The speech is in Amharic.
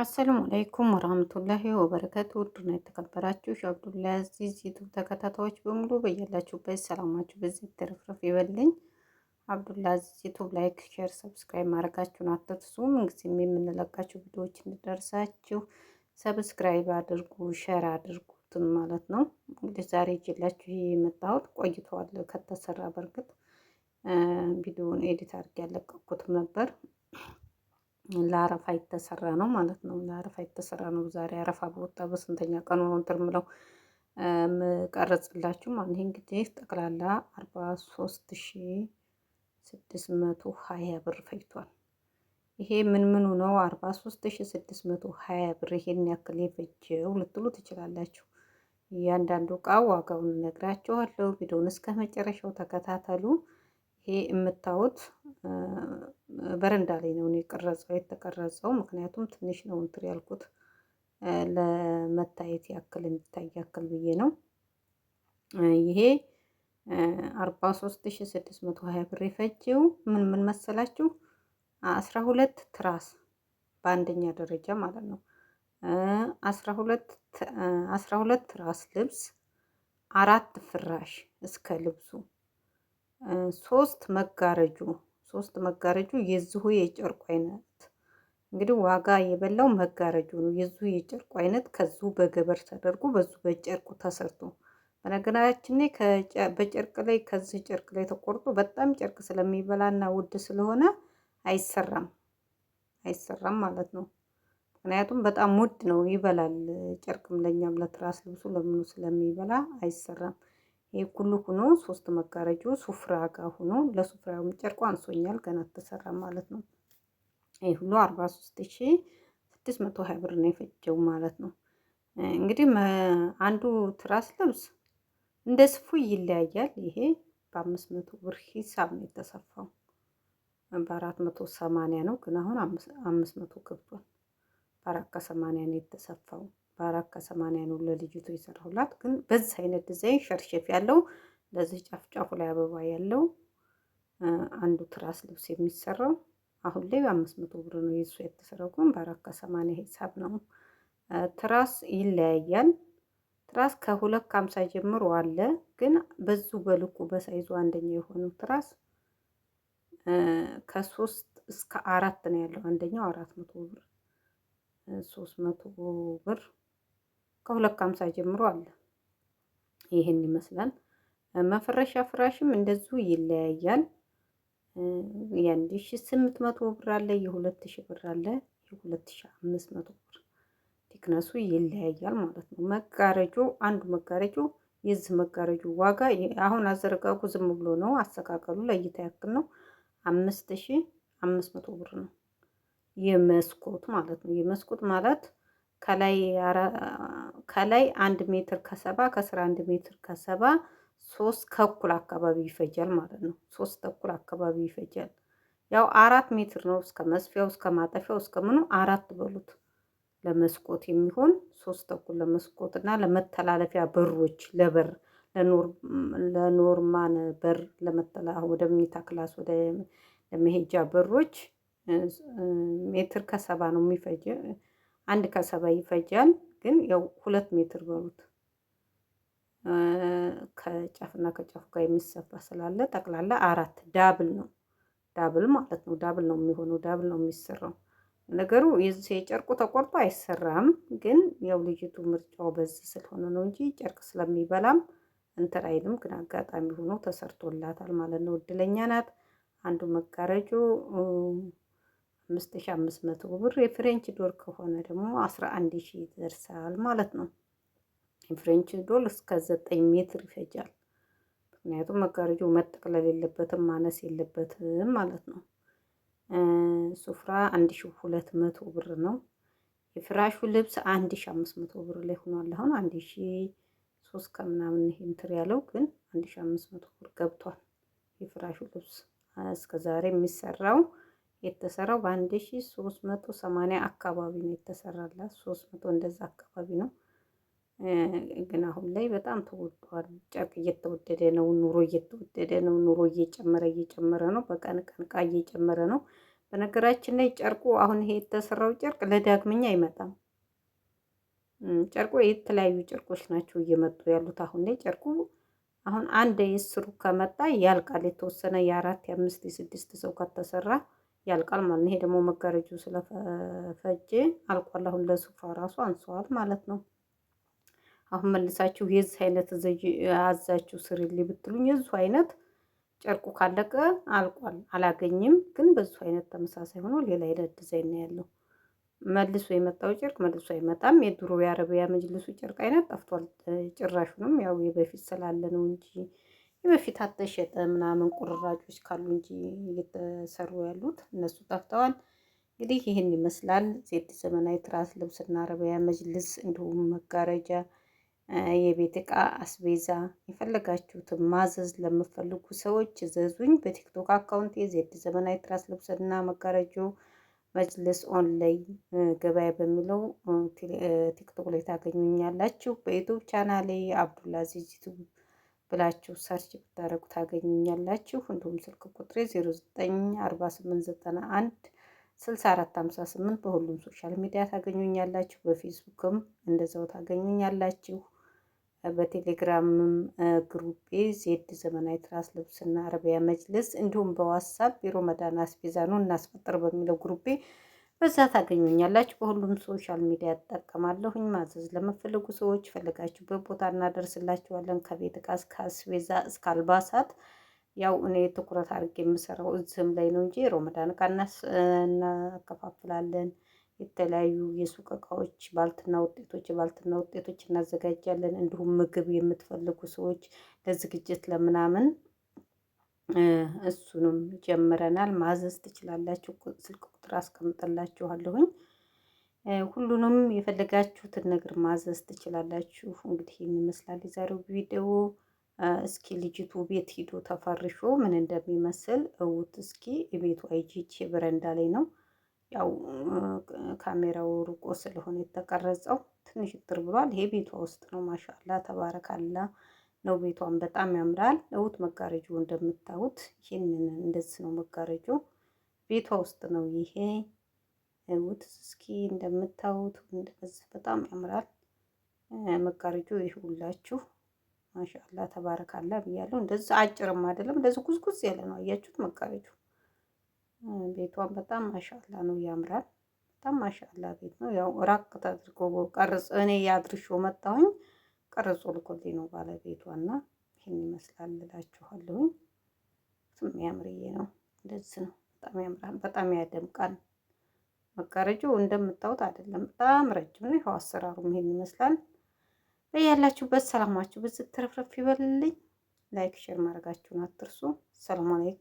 አሰላሙ አለይኩም ወራህመቱላሂ ወበረከቱ። ውድና የተከበራችሁ የአብዱላ አዚዝ ዩቱብ ተከታታዮች በሙሉ በያላችሁበት ሰላማችሁ በዚህ ተረፍረፍ ይበልኝ። አብዱላ አዚዝ ዩቱብ ላይክ፣ ሼር፣ ሰብስክራይብ ማድረጋችሁን አትርሱ። ምንጊዜም የምንለቃችሁ ቪዲዮዎች እንዲደርሳችሁ ሰብስክራይብ አድርጉ፣ ሼር አድርጉትን ማለት ነው። እንግዲህ ዛሬ ይዤላችሁ የመጣሁት ቆይተዋል ከተሰራ በርግጥ ቪዲዮውን ኤዲት አድርጌ ያለቀኩትም ነበር ለአረፋ የተሰራ ነው ማለት ነው። ለአረፋ የተሰራ ነው። ዛሬ አረፋ በወጣ በስንተኛ ቀኑ ነው እንትን ምለው ምቀረጽላችሁ ማለት ይህ እንግዲህ ጠቅላላ አርባ ሶስት ሺ ስድስት መቶ ሀያ ብር ፈጅቷል። ይሄ ምን ምኑ ነው? አርባ ሶስት ሺ ስድስት መቶ ሀያ ብር ይሄን ያክል የፈጀው ልትሉ ትችላላችሁ። እያንዳንዱ እቃ ዋጋውን እነግራችኋለሁ። ቪዲዮውን እስከ መጨረሻው ተከታተሉ። ይሄ የምታዩት በረንዳ ላይ ነው የቀረጸው የተቀረጸው። ምክንያቱም ትንሽ ነው እንትን ያልኩት ለመታየት ያክል እንዲታይ ያክል ብዬ ነው። ይሄ 43ሺ6 መቶ ሀያ ብር የፈጀው ምን ምን መሰላችሁ? ሁለት ትራስ በአንደኛ ደረጃ ማለት ነው። አስራ ሁለት ትራስ ልብስ፣ አራት ፍራሽ እስከ ልብሱ ሶስት መጋረጁ ሶስት መጋረጁ የዚሁ የጨርቁ አይነት እንግዲህ ዋጋ የበላው መጋረጁ ነው። የዚሁ የጨርቁ አይነት ከዚሁ በገበር ተደርጎ በዚሁ በጨርቁ ተሰርቶ በነገራችን በጨርቅ ላይ ከዚህ ጨርቅ ላይ ተቆርጦ በጣም ጨርቅ ስለሚበላና ውድ ስለሆነ አይሰራም አይሰራም ማለት ነው። ምክንያቱም በጣም ውድ ነው፣ ይበላል። ጨርቅም ለእኛም ለትራስ ልብሱ ለምኑ ስለሚበላ አይሰራም። ይህ ሁሉ ሆኖ ሶስት መጋረጆ ሱፍራ ጋር ሆኖ ለሱፍራ ጨርቁ አንሶኛል። ገና ተሰራ ማለት ነው። ይህ ሁሉ 43620 ብር ነው የፈጀው ማለት ነው። እንግዲህ አንዱ ትራስ ልብስ እንደ ስፉ ይለያያል። ይሄ በ500 ብር ሂሳብ ነው የተሰፋው። በአራት መቶ ሰማንያ ነው ግን አሁን አምስት መቶ ገብቷል። በአራት ከሰማንያ ነው የተሰፋው። በአራት ከሰማንያ ነው ለልጅቱ የሰራሁላት። ግን በዚህ አይነት ዲዛይን ሸርሸፍ ያለው ለዚህ ጫፍ ጫፉ ላይ አበባ ያለው አንዱ ትራስ ልብስ የሚሰራው አሁን ላይ በአምስት መቶ ብር ነው የሱ የተሰራው። ግን በአራት ከሰማንያ ሂሳብ ነው። ትራስ ይለያያል። ትራስ ከሁለት ከሀምሳ ጀምሮ አለ። ግን በዙ በልኩ በሳይዙ አንደኛ የሆነው ትራስ ከሶስት እስከ አራት ነው ያለው። አንደኛው አራት መቶ ብር ሶስት መቶ ብር ከሁለት ከሀምሳ ጀምሮ አለ። ይህን ይመስላል። መፈረሻ ፍራሽም እንደዚሁ ይለያያል። የአንድ ሺ ስምንት መቶ ብር አለ፣ የሁለት ሺ ብር አለ፣ የሁለት ሺ አምስት መቶ ብር ቲክነሱ ይለያያል ማለት ነው። መጋረጆ አንዱ መጋረጆ የዚህ መጋረጁ ዋጋ አሁን አዘረጋጉ ዝም ብሎ ነው፣ አስተካከሉ ለእይታ ያክል ነው። አምስት ሺ አምስት መቶ ብር ነው የመስኮት ማለት ነው። የመስኮት ማለት ከላይ አንድ ሜትር ከሰባ ከስራ አንድ ሜትር ከሰባ ሶስት ተኩል አካባቢ ይፈጃል ማለት ነው። ሶስት ተኩል አካባቢ ይፈጃል። ያው አራት ሜትር ነው። እስከ መስፊያው እስከ ማጠፊያው እስከ ምኑ አራት በሉት። ለመስኮት የሚሆን ሶስት ተኩል ለመስኮት እና ለመተላለፊያ በሮች ለበር ለኖርማን በር ለመተላ ወደ ምኝታ ክላስ ወደ ለመሄጃ በሮች ሜትር ከሰባ ነው የሚፈጀ አንድ ከሰባ ይፈጃል። ግን ያው ሁለት ሜትር በሉት ከጫፍና ከጫፍ ጋር የሚሰፋ ስላለ ጠቅላላ አራት ዳብል ነው። ዳብል ማለት ነው። ዳብል ነው የሚሆነው። ዳብል ነው የሚሰራው ነገሩ። የጨርቁ ተቆርጦ አይሰራም። ግን ያው ልጅቱ ምርጫው በዚህ ስለሆነ ነው እንጂ ጨርቅ ስለሚበላም እንትን አይልም። ግን አጋጣሚ ሆኖ ተሰርቶላታል ማለት ነው። እድለኛ ናት። አንዱ መጋረጆ አምስት ሺ አምስት መቶ ብር የፍሬንች ዶር ከሆነ ደግሞ አስራ አንድ ሺ ይደርሳል ማለት ነው። የፍሬንች ዶር እስከ ዘጠኝ ሜትር ይፈጃል። ምክንያቱም መጋረጃው መጠቅለል የለበትም ማነስ የለበትም ማለት ነው። ሱፍራ አንድ ሺ ሁለት መቶ ብር ነው። የፍራሹ ልብስ አንድ ሺ አምስት መቶ ብር ላይ ሆኗል። አሁን አንድ ሺ ሶስት ከምናምን ይሄ ያለው ግን አንድ ሺ አምስት መቶ ብር ገብቷል። የፍራሹ ልብስ እስከ ዛሬ የሚሰራው የተሰራው በአንድ ሺ ሶስት መቶ ሰማኒያ አካባቢ ነው የተሰራላት። ሶስት መቶ እንደዛ አካባቢ ነው። ግን አሁን ላይ በጣም ተወዷል። ጨርቅ እየተወደደ ነው። ኑሮ እየተወደደ ነው። ኑሮ እየጨመረ እየጨመረ ነው። በቀን ቀን እየጨመረ ነው። በነገራችን ላይ ጨርቁ አሁን ይሄ የተሰራው ጨርቅ ለዳግመኛ አይመጣም። ጨርቁ የተለያዩ ጨርቆች ናቸው እየመጡ ያሉት። አሁን ላይ ጨርቁ አሁን አንድ የስሩ ከመጣ ያልቃል። የተወሰነ የአራት የአምስት የስድስት ሰው ከተሰራ ያልቃል ማለት ነው። ይሄ ደግሞ መጋረጃው ስለፈጀ አልቋል። አሁን ለሱፋ ራሱ አንሰዋል ማለት ነው። አሁን መልሳችሁ የዚህ አይነት አዛችሁ ስሪልኝ ብትሉኝ የዚሁ አይነት ጨርቁ ካለቀ አልቋል። አላገኝም ግን በዚሁ አይነት ተመሳሳይ ሆኖ ሌላ አይነት ዲዛይን ነው ያለው። መልሶ የመጣው ጨርቅ መልሶ አይመጣም። የድሮ የአረቢያ መጅልሱ ጨርቅ አይነት ጠፍቷል። ጭራሹንም ያው የበፊት ስላለ ነው እንጂ በፊት አተሸጠ ምናምን ቁርራጮች ካሉ እንጂ እየተሰሩ ያሉት እነሱ ጠፍተዋል። እንግዲህ ይህን ይመስላል ዜድ ዘመናዊ ትራስ ልብስና አረቢያ መጅልስ እንዲሁም መጋረጃ፣ የቤት ዕቃ፣ አስቤዛ የፈለጋችሁትን ማዘዝ ለምፈልጉ ሰዎች ዘዙኝ። በቲክቶክ አካውንት የዜድ ዘመናዊ ትራስ ልብስና መጋረጃ፣ መጅልስ ኦንላይን ገበያ በሚለው ቲክቶክ ላይ ታገኙኛላችሁ። በዩቱብ ቻናሌ አብዱላዚዝ ብላችሁ ሰርች ብታደረጉ ታገኙኛላችሁ። እንዲሁም ስልክ ቁጥሬ 094891 በሁሉም ሶሻል ሚዲያ ታገኙኛላችሁ። በፌስቡክም እንደዛው ታገኙኛላችሁ። በቴሌግራምም ግሩፔ ዜድ ዘመናዊ ትራስ ልብስና አረቢያ መጅልስ እንዲሁም በዋትሳፕ የሮመዳን አስቤዛ ነው እናስፈጠር በሚለው ግሩፔ በዛ ታገኙኛላችሁ። በሁሉም ሶሻል ሚዲያ እጠቀማለሁኝ። ማዘዝ ለምትፈልጉ ሰዎች ፈልጋችሁበት ቦታ እናደርስላችኋለን። ከቤት ዕቃ እስከ አስቤዛ እስከ አልባሳት ያው እኔ ትኩረት አድርጌ የምሰራው እዚህም ላይ ነው እንጂ ሮመዳን ዕቃ እናከፋፍላለን። የተለያዩ የሱቅ እቃዎች፣ ባልትና ውጤቶች የባልትና ውጤቶች እናዘጋጃለን። እንዲሁም ምግብ የምትፈልጉ ሰዎች ለዝግጅት ለምናምን እሱንም ጀምረናል። ማዘዝ ትችላላችሁ። ስልክ ቁጥር አስቀምጠላችኋለሁኝ። ሁሉንም የፈለጋችሁትን ነገር ማዘዝ ትችላላችሁ። እንግዲህ ይመስላል የዛሬው ቪዲዮ። እስኪ ልጅቱ ቤት ሂዶ ተፈርሾ ምን እንደሚመስል እውት እስኪ የቤቱ አይጂች በረንዳ ላይ ነው። ያው ካሜራው ርቆ ስለሆነ የተቀረጸው ትንሽ ትር ብሏል። ይሄ ቤቷ ውስጥ ነው። ማሻላ ተባረካላ ነው። ቤቷን በጣም ያምራል። እውት መጋረጃው እንደምታዩት ይህንን እንደዚህ ነው መጋረጃው። ቤቷ ውስጥ ነው ይሄ። ውት እስኪ እንደምታዩት እንደዚህ በጣም ያምራል። መጋረጆ ይሁላችሁ። ማሻአላ ተባረካላ ብያለሁ። እንደዚህ አጭርም አይደለም እንደዚህ ጉዝጉዝ ያለ ነው። አያችሁት መጋረጆ ቤቷን በጣም ማሻአላ ነው፣ ያምራል። በጣም ማሻአላ ቤት ነው። ያው ራቅ ተደርጎ ቀርጽ እኔ ያድርሾ መጣሁኝ ቀርጾ ልኮልኝ ነው ባለቤቷና ይህን ይመስላል እላችኋለሁኝ። ስም ያምርዬ ነው። እንደዚህ ነው። በጣም ያምራል፣ በጣም ያደምቃል። መጋረጃው እንደምታዩት አይደለም፣ በጣም ረጅም ነው። ይኸው አሰራሩ ይሄን ይመስላል። በያላችሁበት ሰላማችሁ ብዝት ትረፍረፍ ይበልልኝ። ላይክ ሼር ማድረጋችሁን አትርሱ። ሰላም አለይኩም።